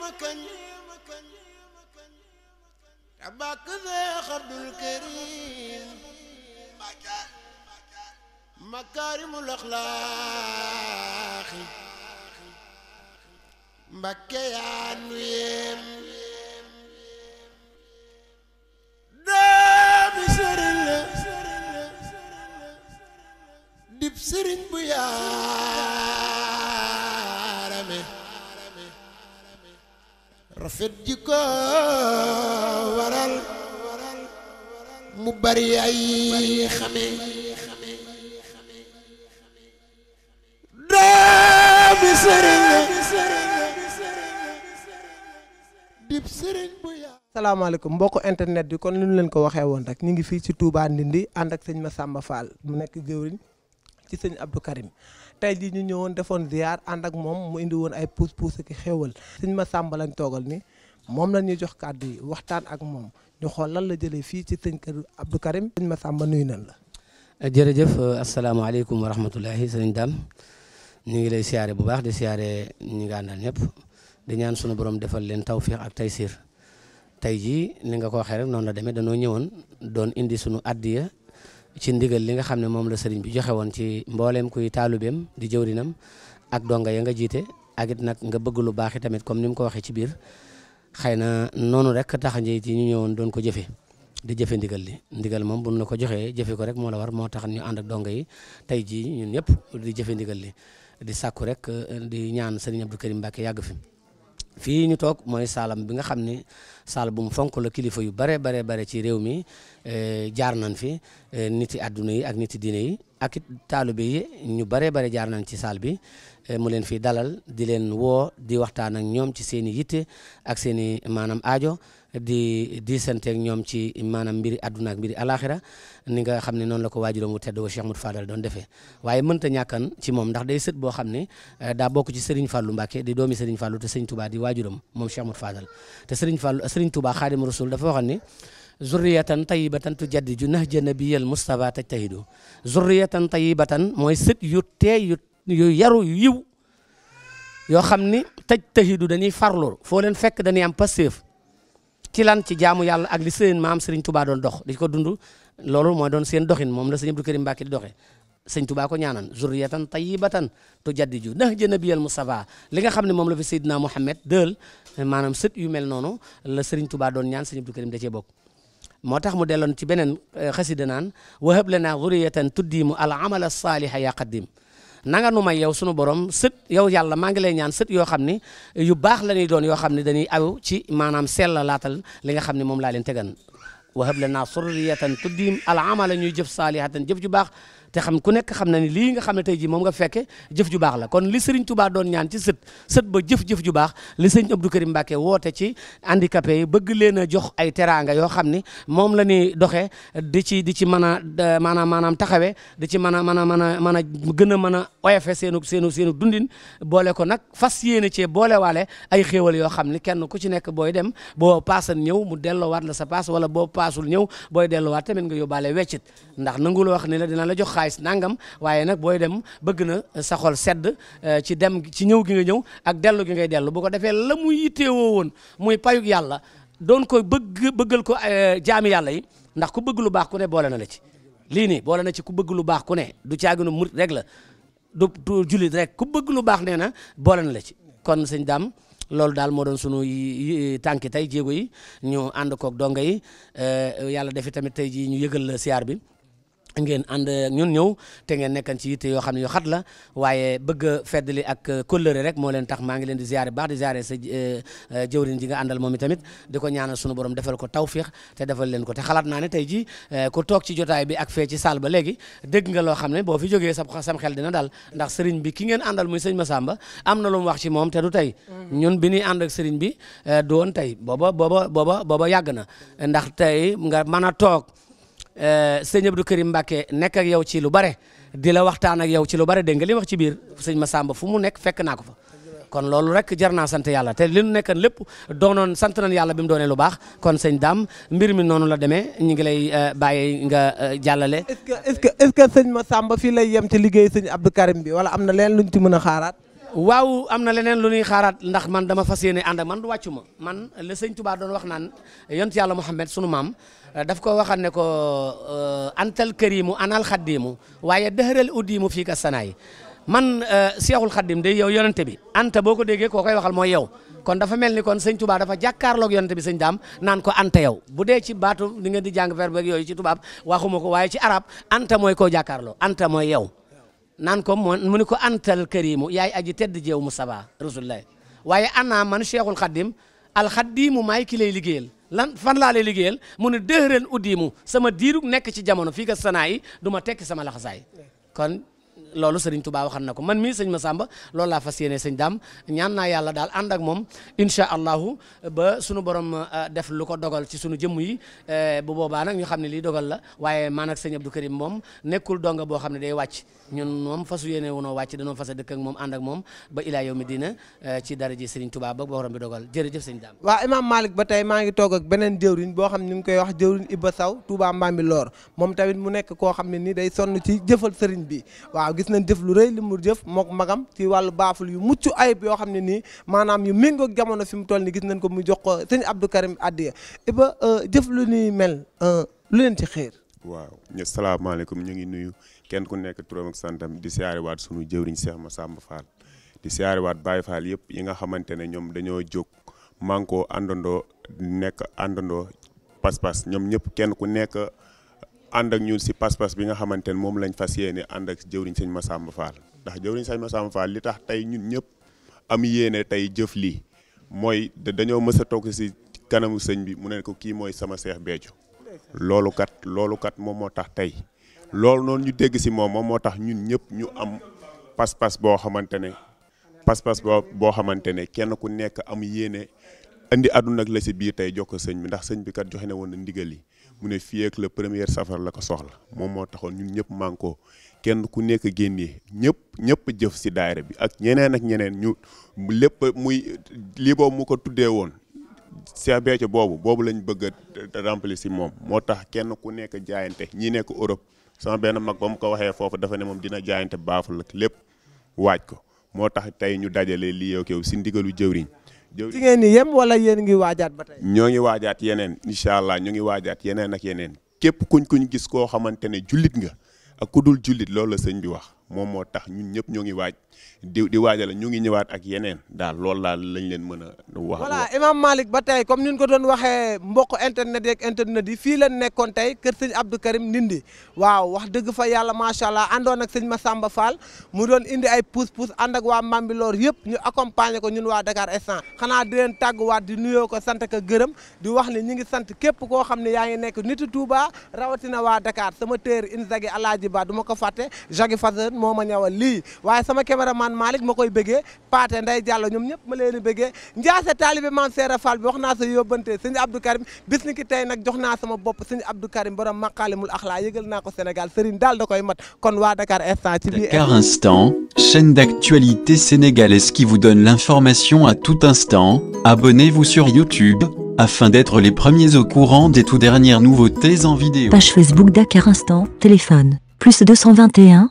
ma kañ tabak Seex Abdul Karim makaarimul axlaaxi mbakke yaa nu yem rafet ji ko bari ay mbokk internet bi kon li ñu leen ko waxee woon rek ñu ngi fii ci Touba Ndindi ànd ak sëñ sàmba Fall mu nekk jëwriñ ci sëñ Abdou Karim tey jii ñu ñëwoon defoon ziar ànd ak moom mu indi woon ay puus puus ki xéwal sëñ ma sàmba lañ toogal ni moom la ñuy jox kàddu yi waxtaan ak moom ñu xool lan la jëlee fii ci sëñ kër Abdou Karim sëñ ma sàmba nuyu nan la eh, jërëjëf euh, asalaamaaleykum wa rahmatulahi sëñ ñu ngi lay siyaare bu baax di siyaare ñu nga àndal ñëpp di ñaan sunu borom defal leen tawfiq ak taysir tey jii ni nga ko waxee rek noonu la demee dañoo ñëwoon doon indi sunu addiya ci ndigal li nga xam ne moom la sëriñ bi joxe woon ci mbooleem kuy taalubeem di jëwrinam ak donga ya nga jiite ak nag nga bëgg lu baax tamit comme ni mu ko waxee ci biir xëy na noonu rek tax njiit yi ñu ñëwoon doon ko jëfe di jëfe ndigal li ndigal moom buñ la ko joxee jëfe ko rek moo la war moo tax ñu ànd ak donga yi tey jii ñun ñëpp di jëfe ndigal li di sàkku rek di ñaan sëriñ Abdou Karim Mbacke yàgg fi fii ñu toog mooy saalam bi nga xam ni saal bu mu fonk la kilifa yu bare bare bare ci réew mi eh, jaar nañ fi eh, niti àdduna yi ak niti diine yi ak it taalibe yi ñu bare bare jaar nañ ci saal bi eh, mu leen fi dalal di leen woo di waxtaan ak ñoom ci seen i yitte ak seen i maanaam aajo di di santeeg ñoom ci maanaam mbiri àdduna ak mbiri alaxira ni nga xam ne noonu la ko waajuram wu tedd wa Cheikh Mout Fadal doon defee waaye mënta ñàkkan ci moom ndax day sët boo xam ne eh, daa bokk ci Serigne Fallou Mbacke di doomi Serigne Fallou te Serigne Touba di waajuram da Cheikh Mout Fadal te Serigne Fallou Serigne Touba Xaadim Rasul dafa waxoon ne zurriyatan tayyibatan tujaddidu nahja nabiyil Mustafa tajtahidu zurriyatan tayyibatan mooy sët yu yu yaru yiw yoo xam ni tajtahidu dañuy farlu foo leen fekk am ci lan ci jaamu yàlla ak li seen maam Serigne Touba doon dox di ko dund loolu mooy doon seen doxin moom la Serigne Abdou Karim Mbacké di doxee Serigne Touba ko ñaanan zurriyatan tayyibatan tujaddiju nahja nabiyal Mustafa li nga xam ne moom la fi Seydina Mouhamed dël maanaam sët yu mel noonu la Serigne tubaa doon ñaan Serigne Abdou Karim da cee bokk moo tax mu delloon ci beneen eh, xasida naan wahab lana zurriyatan tuddimu al amala saliha ya qadim nanga nu may yow sunu borom sët yow yàlla maa ngi lay ñaan sët yoo xam ni yu baax la ñuy doon yoo xam ne dañuy aw ci maanaam sella laatal li nga xam ne moom laa leen tegan wahab lanaa surriyatan tuddiim al amala ñuy jëf saalihatan jëf ju baax te xam ku nekk xam na ni lii nga xam ne tey moom nga fekke jëf ju la kon li Serigne Touba doon ñaan ci sët sët ba jëf-jëf ju baax li Serigne Abdou Karim Mbacké woote ci handicapé yi bëgg leen a jox ay teraanga yoo xam ni moom la ñuy doxee di ci di ci mën a maanaam maanaam taxawee di ci mën a mën a mën a mën a gën a mën a oyefe seenu seenu seenu dundin boole ko nag fas yéene cee boolewaale ay xéewal yoo xam ni kenn ku ci nekk booy dem boo paasan ñëw mu delloowaat la sa paas wala boo paasul ñëw booy xaalis nangam waaye nag booy dem bëgg na sa sedd eh, ci dem ci ñëw gi nga ñëw ak dellu gi ngay dellu bu ko defee la muy yitteewoo woon muy payug yàlla doon ko bëgg bëggal ko eh, jaami yàlla yi ndax ku bëgg lu baax ku ne boole na la ci lii nii boole na ci ku bëgg lu baax ku ne du caaginu murit rek la du jullit rek ku bëgg lu baax nee na boole na la ci kon sëñ daam loolu daal moo doon sunu tànki tey jéego yi ñu ànd koog donga yi eh, yàlla defi tamit tey jii ñu yëgal la siyaar bi ngeen ànd ñun ñëw te ngeen nekkan ci yitte yoo xam ne yu xat la waaye bëgg a feddali ak kóllëre rek moo leen tax maa leen di ziare baax di ziare sa eh, eh, jëwrin ji nga àndal moom itamit di ko ñaanal sunu borom defal ko tawfiix te defal leen ko eh, bi ak fee ci saal loo xam ne boo fi jógee sa sam xel dina dal ndax sëriñ bi ki ngeen àndal muy sëñ Massamba am na lu mu wax ci moom te du tey mm. ñun bi ñuy ànd ak sëriñ bi du woon tey booba booba booba booba yàgg na ndax tey nga mën a Eh, sëñ Abdou Karim Mbacke nekk ak yow ci lu bare di la waxtaan a yow ci lu bare dégg nga li wax ci biir sëñ Massamba fu mu nekk fekk naa ko fa kon loolu rek jar naa sant yàlla te li nu nekkan lépp doonoon sant nañ yàlla bi mu doonee lu baax kon sëñ Dame mbir mi noonu la demee ñu ngi lay eh, bàyyi nga eh, jàllale. est-ce que est-ce que est-ce que sëñ Massamba lay yem liggéey sëñ Abdou bi wala am na leen luñ ci mën a xaaraat. waaw am na leneen lu ñuy xaaraat ndax man dama fas yéene ànd ak man du wàccu ma man la sëñ Tuubaa doon wax naan yont yàlla Muhammad sunu maam daf ko waxal ne ko euh, antal karimu anal xaddimu waaye dëhëral uddimu fii ka sanaay man euh, seexul xaddim day yow yonente bi anta boo ko déggee koo koy waxal mooy yow kon dafa mel ni kon sëñ Tuubaa dafa jàkkaarloog yonte bi sëñ daam naan ko anta yow bu dee ci baatu li nga di jàng verbe ak yooyu ci tubaab waxuma ko waaye ci arab anta mooy koo jàkkaarloo anta mooy yow نانكم منكو أنت الكريم يا أجي تدجي ومصابة رسول الله ويا أنا من شيخ الخدم الخدم ماي كلي لجيل لان فان لا لجيل من دهرن أديمو سما ديروك نك شيء جامونو فيك السناي دوما تك سما لخزاي كن loolu sëriñ Touba waxan na ko man mii sëñ Massamba loolu laa fas yéene sëñ daam ñaan naa yàlla daal ànd ak moom incha allahu ba sunu borom euh, def lu ko dogal ci sunu jëmm yi euh, bu boobaa nag ñu xam ne lii dogal la waaye man ak sëñ Abdou moom nekkul donga boo xam ne day wàcc ñun moom fasu yéene wunoo wàcc danoo fas a dëkk ak moom ànd ak moom ba ilaa yow mi dina euh, ci dara ji sëriñ Touba ba borom bi dogal jërëjëf sëñ daam waaw imaam Malick ba tey maa ngi toog ak beneen jëwriñ boo xam ñu ngi koy wax jëwriñ Ibba Saw Touba Mbambilor moom tamit mu xam ne ni day sonn ci bi gis jëf lu rëy li mu jëf mook magam ci wàllu baaful yu mucc ayib yoo xam ne nii maanaam yu méngoog jamono fi mu toll ni gis nañ ko mu jox ko sëñ Abdou Karim addiya iba jëf euh, lu ni mel euh, lu leen ci xéer waaw ñu salaamaaleykum ñu ngi nuyu kenn ku nekk turam santam di siyaare waat sunu jëwriñ Cheikh Massamba Fall di siyaare waat Baye Fall yëpp yi nga xamante ne ñoom dañoo jóg mànkoo àndandoo nekk àndandoo pas-pas ñoom ñëpp kenn ku nekk ànd ak ñun si pas bi nga xamante ne moom lañ fas yéene ànd ak jëwriñ sëñ Massamba Fall ndax jëwriñ sëñ Massamba Fall li tax tey ñun ñëpp am yéene tey jëf lii mooy dañoo mës a toog si kanamu sëñ bi mu ne ko kii mooy sama seex beejo loolu kat loolu kat moom moo tax tey loolu noonu ñu dégg si moom moom moo tax ñun ñëpp ñu am pas-pas boo xamante ne pas-pas boo boo xamante ne kenn ku nekk am yéene indi àdduna ak la si biir tey jox ko sëñ bi ndax sëñ bi kat joxe na woon na ndigal yi mu ne fii ak le premier safar la ko soxla moom moo taxoon ñun ñëpp mànkoo kenn ku nekk génnee ñëpp ñëpp jëf si daayira bi ak ñeneen ak ñeneen ñu lépp muy lii boobu mu ko tuddee woon Cheikh Béthio boobu boobu lañ bëgg a remplir si moom moo tax kenn ku nekk jaayante ñi nekk Europe sama benn mag ba mu ko waxee foofu dafa ne moom dina jaayante baaful ak lépp waaj ko moo tax tey ñu dajale lii yow si ndigalu jëwriñ ci ngeen ni yem wala yéen ngi waajaat ba tey ñoo ngi waajaat yeneen incha allah ñu ngi waajaat yeneen ak yeneen képp kuñ kuñ gis koo xamante ne julit nga ak ku dul jullit loolu la sëñ bi wax moom moo tax ñun ñëpp ñoo ngi waaj di di waajal ñu ngi ñëwaat ak yeneen daal loolu daal lañ leen mën a wax voilà Imam Malick ba tey comme ñun ko doon waxee mbokk internet yeeg internet yi fii leen nekkoon tey kër sëñ Abdou Karim Ndindi waaw wax dëgg fa yàlla macha allah àndoon ak sëñ Massamba faal mu doon indi ay pousse-pousse ànd ak waa Mbambilor yëpp ñu accompagner ko ñun waa dakaar instant xanaa di leen tàgguwaat di nuyoo ko sant ko gërëm di wax ne ñi ngi sant képp koo xam ne yaa ngi nekk nitu Touba rawatina waa Dakar sama téer Inzaghi Alaaji Ba du ma ko fàtte Jagi Fazer moma ñawal li waaye sama cameraman malik makoy koy paté nday Ndey Diallo ñoom ñëpp ma leen bëggee Ndiasse talibé Maam Seera Fall bi waxna sa yóbbante sëñ Abdou Karim bis ni ki tey nag jox sama bop sëñ Abdou Karim borom maqalimul akhla yegël nako Sénégal Serigne dal dakoy mat kon wa Dakar instant ci biir Dakar instant chaîne d'actualité sénégalaise qui vous donne l'information à tout instant abonnez-vous sur YouTube afin d'être les premiers au courant des tout dernières nouveautés en vidéo. Page Facebook Dakar Instant, téléphone, plus 221